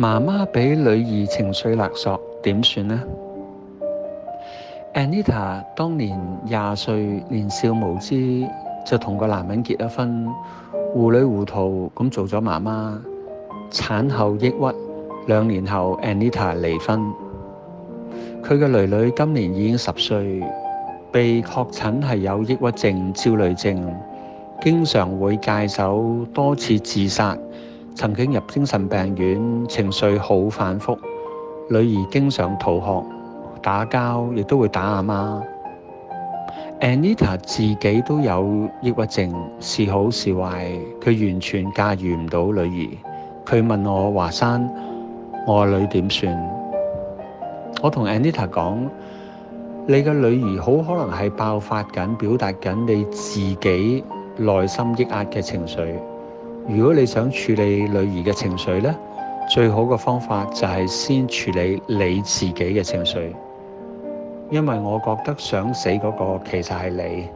媽媽俾女兒情緒勒索點算咧？Anita 當年廿歲年少無知就同個男人結咗婚，糊裏糊塗咁做咗媽媽，產後抑鬱，兩年後 Anita 離婚。佢嘅女女今年已經十歲，被確診係有抑鬱症、焦慮症，經常會 𠝹 手，多次自殺。曾經入精神病院，情緒好反覆，女兒經常逃學、打交，亦都會打阿媽。Anita 自己都有抑鬱症，是好是壞，佢完全駕馭唔到女兒。佢問我華山，我女點算？我同 Anita 講：你嘅女兒好可能係爆發緊、表達緊你自己內心抑壓嘅情緒。如果你想處理女兒嘅情緒呢，最好嘅方法就係先處理你自己嘅情緒，因為我覺得想死嗰個其實係你。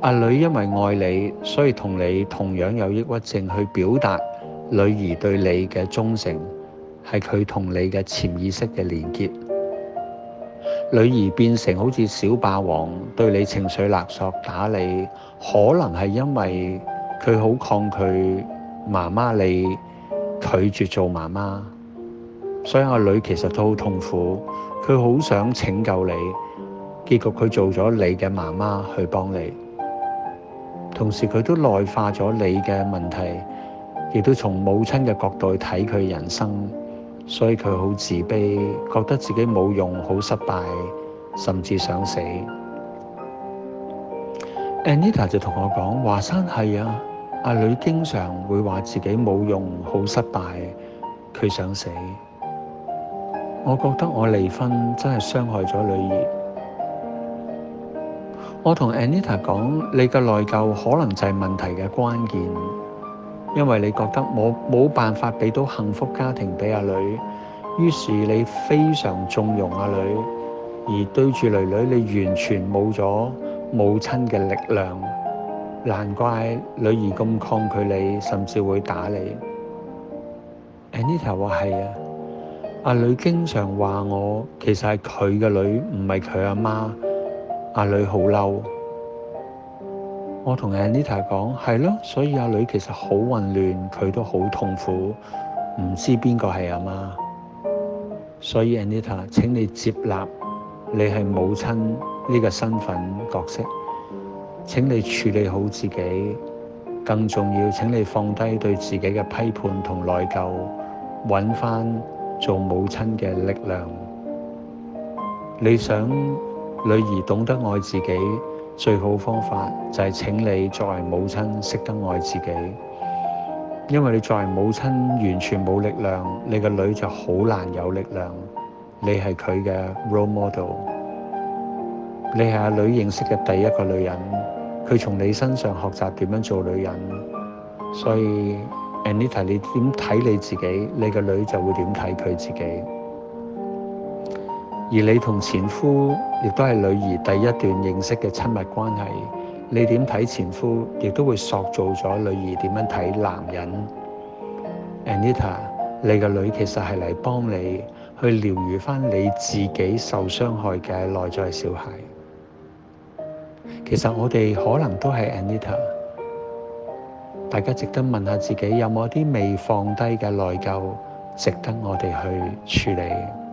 阿女因為愛你，所以同你同樣有抑鬱症，去表達女兒對你嘅忠誠，係佢同你嘅潛意識嘅連結。女兒變成好似小霸王，對你情緒勒索打你，可能係因為，佢好抗拒媽媽你，你拒絕做媽媽，所以個女其實都好痛苦。佢好想拯救你，結果佢做咗你嘅媽媽去幫你，同時佢都內化咗你嘅問題，亦都從母親嘅角度去睇佢人生，所以佢好自卑，覺得自己冇用、好失敗，甚至想死。Anita 就同我講：華山，係啊，阿女經常會話自己冇用、好失敗，佢想死。我覺得我離婚真係傷害咗女兒。我同 Anita 講：你嘅內疚可能就係問題嘅關鍵，因為你覺得我冇辦法俾到幸福家庭俾阿女，於是你非常縱容阿女，而對住囡囡你完全冇咗母親嘅力量，難怪女兒咁抗拒你，甚至會打你。Anita 話係啊，阿女經常話我其實係佢嘅女，唔係佢阿媽。阿女好嬲，我同 Anita 講係咯，所以阿女其實好混亂，佢都好痛苦，唔知邊個係阿媽。所以 Anita 請你接納，你係母親。呢個身份角色，請你處理好自己。更重要，請你放低對自己嘅批判同內疚，搵返做母親嘅力量。你想女兒懂得愛自己，最好方法就係請你作為母親識得愛自己。因為你作為母親完全冇力量，你個女就好難有力量。你係佢嘅 role model。你係阿女認識嘅第一個女人，佢從你身上學習點樣做女人。所以 Anita，你點睇你自己，你個女就會點睇佢自己。而你同前夫亦都係女兒第一段認識嘅親密關係，你點睇前夫，亦都會塑造咗女兒點樣睇男人。Anita，你個女其實係嚟幫你去療愈翻你自己受傷害嘅內在小孩。其實我哋可能都係 Anita，大家值得問下自己，有冇啲未放低嘅內疚，值得我哋去處理。